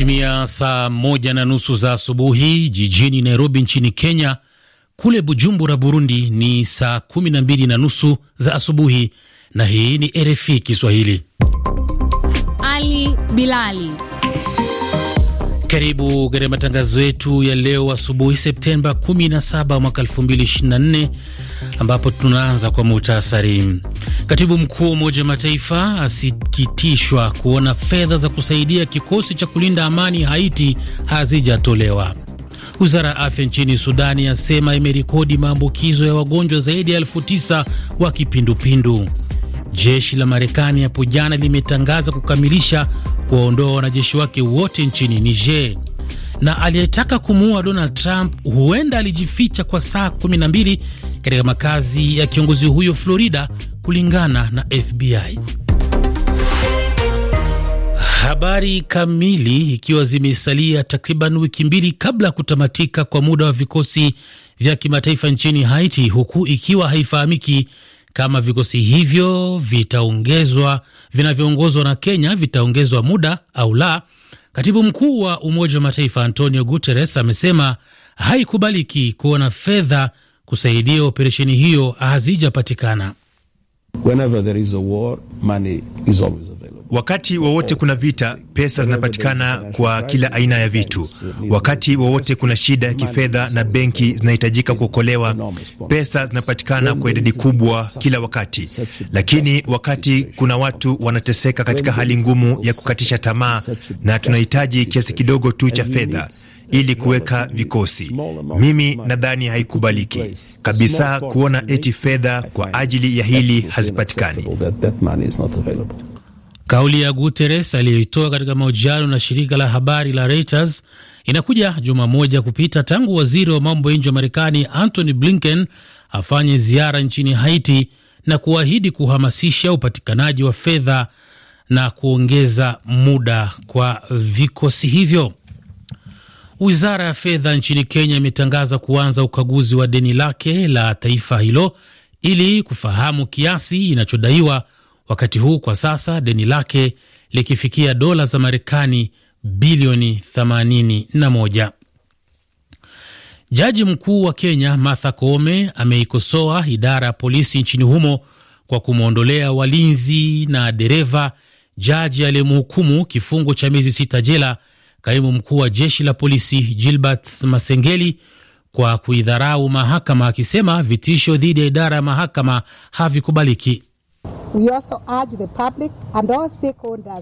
Imetimia saa moja na nusu za asubuhi jijini Nairobi nchini Kenya. Kule Bujumbura Burundi ni saa kumi na mbili na nusu za asubuhi, na hii ni RFI Kiswahili. Ali Bilali karibu katika matangazo yetu ya leo asubuhi, Septemba 17 mwaka 2024, ambapo tunaanza kwa muhtasari. Katibu mkuu wa Umoja wa Mataifa asikitishwa kuona fedha za kusaidia kikosi cha kulinda amani Haiti hazijatolewa. Wizara ya afya nchini Sudani yasema imerekodi maambukizo ya wagonjwa zaidi ya elfu tisa wa kipindupindu. Jeshi la Marekani hapo jana limetangaza kukamilisha kuwaondoa wanajeshi wake wote nchini Niger. Na aliyetaka kumuua Donald Trump huenda alijificha kwa saa 12 katika makazi ya kiongozi huyo Florida, kulingana na FBI. Habari kamili. Ikiwa zimesalia takriban wiki mbili kabla ya kutamatika kwa muda wa vikosi vya kimataifa nchini Haiti, huku ikiwa haifahamiki kama vikosi hivyo vitaongezwa vinavyoongozwa na Kenya vitaongezwa muda au la. Katibu mkuu wa Umoja wa Mataifa Antonio Guterres amesema haikubaliki kuona fedha kusaidia operesheni hiyo hazijapatikana. Wakati wowote kuna vita, pesa zinapatikana kwa kila aina ya vitu. Wakati wowote kuna shida ya kifedha na benki zinahitajika kuokolewa, pesa zinapatikana kwa idadi kubwa kila wakati. Lakini wakati kuna watu wanateseka katika hali ngumu ya kukatisha tamaa, na tunahitaji kiasi kidogo tu cha fedha ili kuweka vikosi. Mimi nadhani haikubaliki kabisa kuona eti fedha kwa ajili ya hili hazipatikani. Kauli ya Guterres aliyoitoa katika mahojiano na shirika la habari la Reuters inakuja juma moja kupita tangu waziri wa mambo ya nje wa Marekani Antony Blinken afanye ziara nchini Haiti na kuahidi kuhamasisha upatikanaji wa fedha na kuongeza muda kwa vikosi hivyo. Wizara ya fedha nchini Kenya imetangaza kuanza ukaguzi wa deni lake la taifa hilo ili kufahamu kiasi inachodaiwa wakati huu kwa sasa deni lake likifikia dola za Marekani bilioni 81. Jaji mkuu wa Kenya Martha Koome ameikosoa idara ya polisi nchini humo kwa kumwondolea walinzi na dereva jaji aliyemhukumu kifungo cha miezi sita jela kaimu mkuu wa jeshi la polisi Gilbert Masengeli kwa kuidharau mahakama, akisema vitisho dhidi ya idara ya mahakama havikubaliki.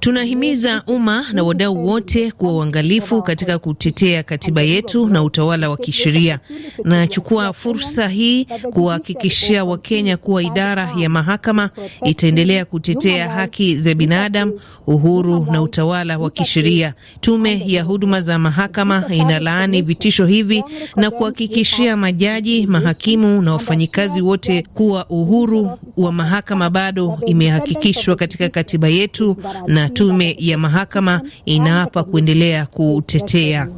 Tunahimiza umma na wadau wote kuwa uangalifu katika kutetea katiba yetu na utawala wa kisheria. Nachukua fursa hii kuwahakikishia Wakenya kuwa idara ya mahakama itaendelea kutetea haki za binadamu, uhuru na utawala wa kisheria. Tume ya huduma za mahakama inalaani vitisho hivi na kuhakikishia majaji, mahakimu na wafanyikazi wote kuwa uhuru wa mahakama bado imehakikishwa katika katiba yetu na tume ya mahakama inaapa kuendelea kutetea.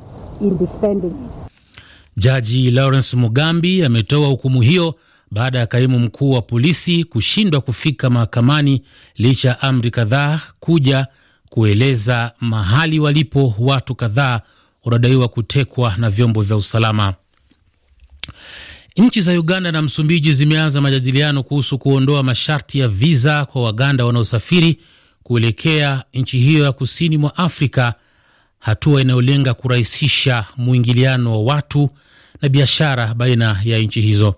Jaji Lawrence Mugambi ametoa hukumu hiyo baada ya kaimu mkuu wa polisi kushindwa kufika mahakamani licha ya amri kadhaa kuja kueleza mahali walipo watu kadhaa wanadaiwa kutekwa na vyombo vya usalama. Nchi za Uganda na Msumbiji zimeanza majadiliano kuhusu kuondoa masharti ya viza kwa Waganda wanaosafiri kuelekea nchi hiyo ya kusini mwa Afrika, hatua inayolenga kurahisisha mwingiliano wa watu na biashara baina ya nchi hizo.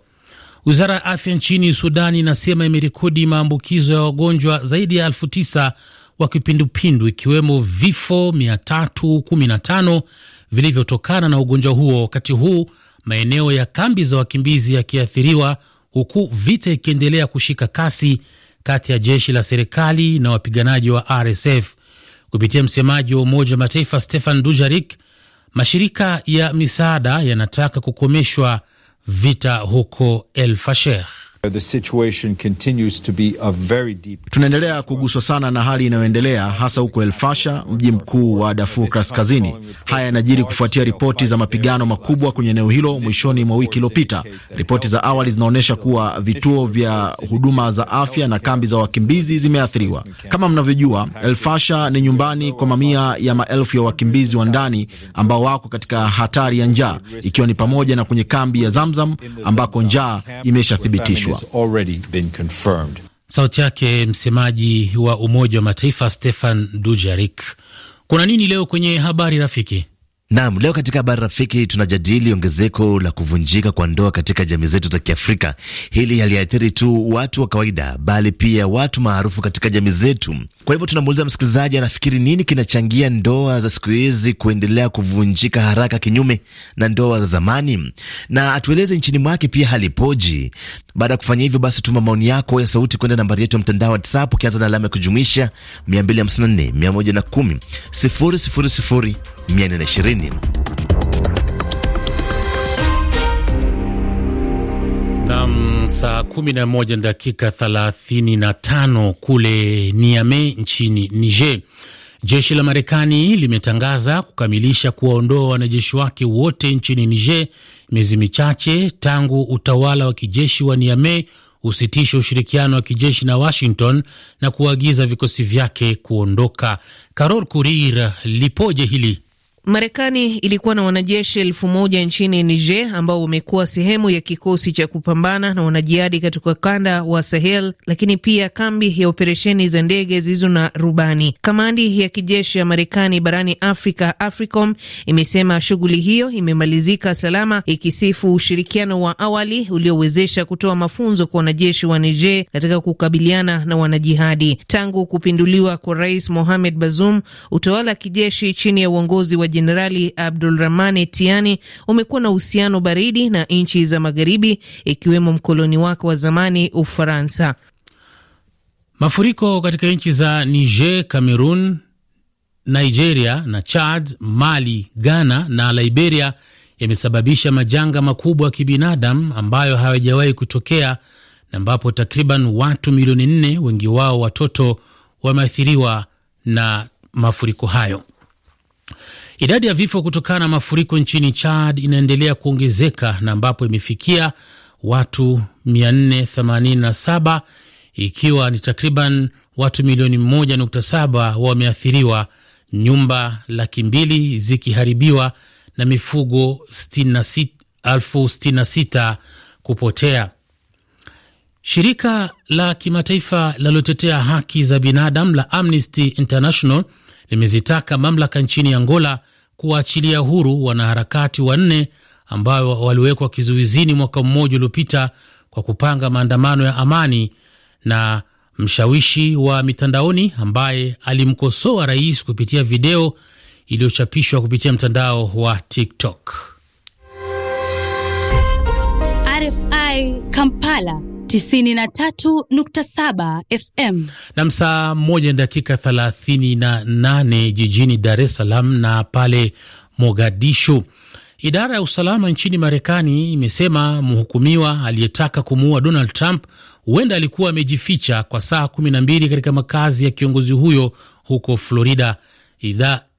Wizara ya afya nchini sudani inasema imerekodi maambukizo ya wagonjwa zaidi ya elfu tisa wa kipindupindu ikiwemo vifo 315 vilivyotokana na ugonjwa huo wakati huu maeneo ya kambi za wakimbizi yakiathiriwa, huku vita ikiendelea kushika kasi kati ya jeshi la serikali na wapiganaji wa RSF. Kupitia msemaji wa Umoja wa Mataifa Stefan Dujarik, mashirika ya misaada yanataka kukomeshwa vita huko El Fasher. Uh, Tunaendelea kuguswa sana na hali inayoendelea hasa huko El mji mkuu wa Darfur Kaskazini. Haya yanajiri kufuatia ripoti za mapigano makubwa kwenye eneo hilo mwishoni mwa wiki iliyopita. Ripoti za awali zinaonyesha kuwa vituo vya huduma za afya na kambi za wakimbizi zimeathiriwa. Kama mnavyojua, El ni nyumbani kwa mamia ya maelfu ya wakimbizi wa ndani ambao wako katika hatari ya njaa, ikiwa ni pamoja na kwenye kambi ya Zamzam ambako njaa imeshathibitishwa. Sauti yake msemaji wa Umoja wa Mataifa Stefan Dujarik. Kuna nini leo kwenye habari rafiki? Naam, leo katika habari rafiki tunajadili ongezeko la kuvunjika kwa ndoa katika jamii zetu za Kiafrika. Hili haliathiri tu watu wa kawaida, bali pia watu maarufu katika jamii zetu. Kwa hivyo tunamuuliza msikilizaji, anafikiri nini kinachangia ndoa za siku hizi kuendelea kuvunjika haraka, kinyume na ndoa za zamani, na atueleze nchini mwake pia halipoji. Baada ya kufanya hivyo, basi tuma maoni yako ya sauti kwenda nambari yetu ya mtandao wa WhatsApp ukianza na alama ya kujumuisha 254 110 000 420. Saa 11 dakika 35 kule niame nchini Niger. Jeshi la Marekani limetangaza kukamilisha kuwaondoa wanajeshi wake wote nchini Niger, miezi michache tangu utawala wa kijeshi wa niame usitishe ushirikiano wa kijeshi na Washington na kuagiza vikosi vyake kuondoka. Carol Kurir, lipoje hili? Marekani ilikuwa na wanajeshi elfu moja nchini Niger ambao wamekuwa sehemu ya kikosi cha kupambana na wanajihadi katika kanda wa Sahel, lakini pia kambi ya operesheni za ndege zilizo na rubani. Kamandi ya kijeshi ya Marekani barani Afrika, AFRICOM, imesema shughuli hiyo imemalizika salama, ikisifu ushirikiano wa awali uliowezesha kutoa mafunzo kwa wanajeshi wa Niger katika kukabiliana na wanajihadi. Tangu kupinduliwa kwa Rais Mohamed Bazoum, utawala wa kijeshi chini ya uongozi wa Jenerali rahmani Tiani umekuwa na uhusiano baridi na nchi za Magharibi, ikiwemo mkoloni wake wa zamani Ufaransa. Mafuriko katika nchi za Niger, Cameroon, Nigeria na Chad, Mali, Ghana na Liberia yamesababisha majanga makubwa ya kibinadamu ambayo hayajawahi kutokea na ambapo takriban watu milioni nne, wengi wao watoto, wameathiriwa na mafuriko hayo. Idadi ya vifo kutokana na mafuriko nchini Chad inaendelea kuongezeka na ambapo imefikia watu 487 ikiwa ni takriban watu milioni 1.7 wameathiriwa, nyumba laki mbili zikiharibiwa na mifugo 66 kupotea. Shirika la kimataifa linalotetea haki za binadamu la Amnesty International limezitaka mamlaka nchini Angola kuwaachilia huru wanaharakati wanne ambao waliwekwa kizuizini mwaka mmoja uliopita kwa kupanga maandamano ya amani na mshawishi wa mitandaoni ambaye alimkosoa rais kupitia video iliyochapishwa kupitia mtandao wa TikTok. RFI Kampala 93.7 FM na saa moja na dakika 38 na jijini Dar es Salaam na pale Mogadishu. Idara ya usalama nchini Marekani imesema mhukumiwa aliyetaka kumuua Donald Trump huenda alikuwa amejificha kwa saa 12 katika makazi ya kiongozi huyo huko Florida.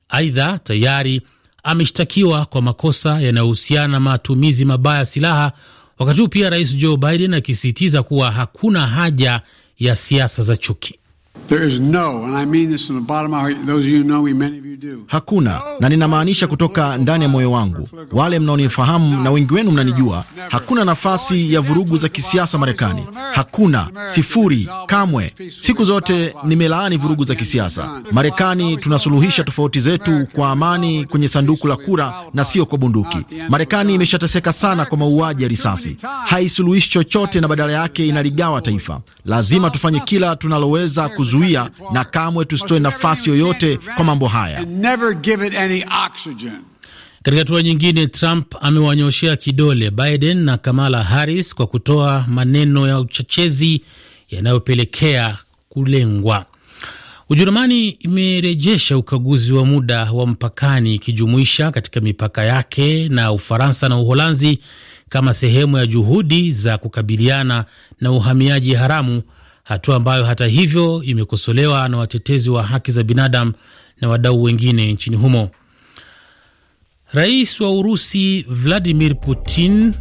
Aidha, tayari ameshtakiwa kwa makosa yanayohusiana na matumizi mabaya silaha wakati huu pia Rais Joe Biden akisisitiza kuwa hakuna haja ya siasa za chuki. Hakuna, na ninamaanisha kutoka ndani ya moyo wangu. Wale mnaonifahamu na wengi wenu mnanijua, hakuna nafasi ya vurugu za kisiasa Marekani. Hakuna, sifuri, kamwe. Siku zote nimelaani vurugu za kisiasa Marekani. Tunasuluhisha tofauti zetu kwa amani kwenye sanduku la kura na sio kwa bunduki. Marekani imeshateseka sana kwa mauaji ya risasi, haisuluhishi chochote na badala yake inaligawa taifa. Lazima tufanye kila tunaloweza kuzuia, na kamwe tusitoe nafasi yoyote kwa mambo haya never give it any oxygen. Katika hatua nyingine, Trump amewanyoshea kidole Biden na Kamala Harris kwa kutoa maneno ya uchechezi yanayopelekea kulengwa. Ujerumani imerejesha ukaguzi wa muda wa mpakani ikijumuisha katika mipaka yake na Ufaransa na Uholanzi kama sehemu ya juhudi za kukabiliana na uhamiaji haramu, hatua ambayo hata hivyo imekosolewa na watetezi wa haki za binadamu na wadau wengine nchini humo. Rais wa Urusi Vladimir Putin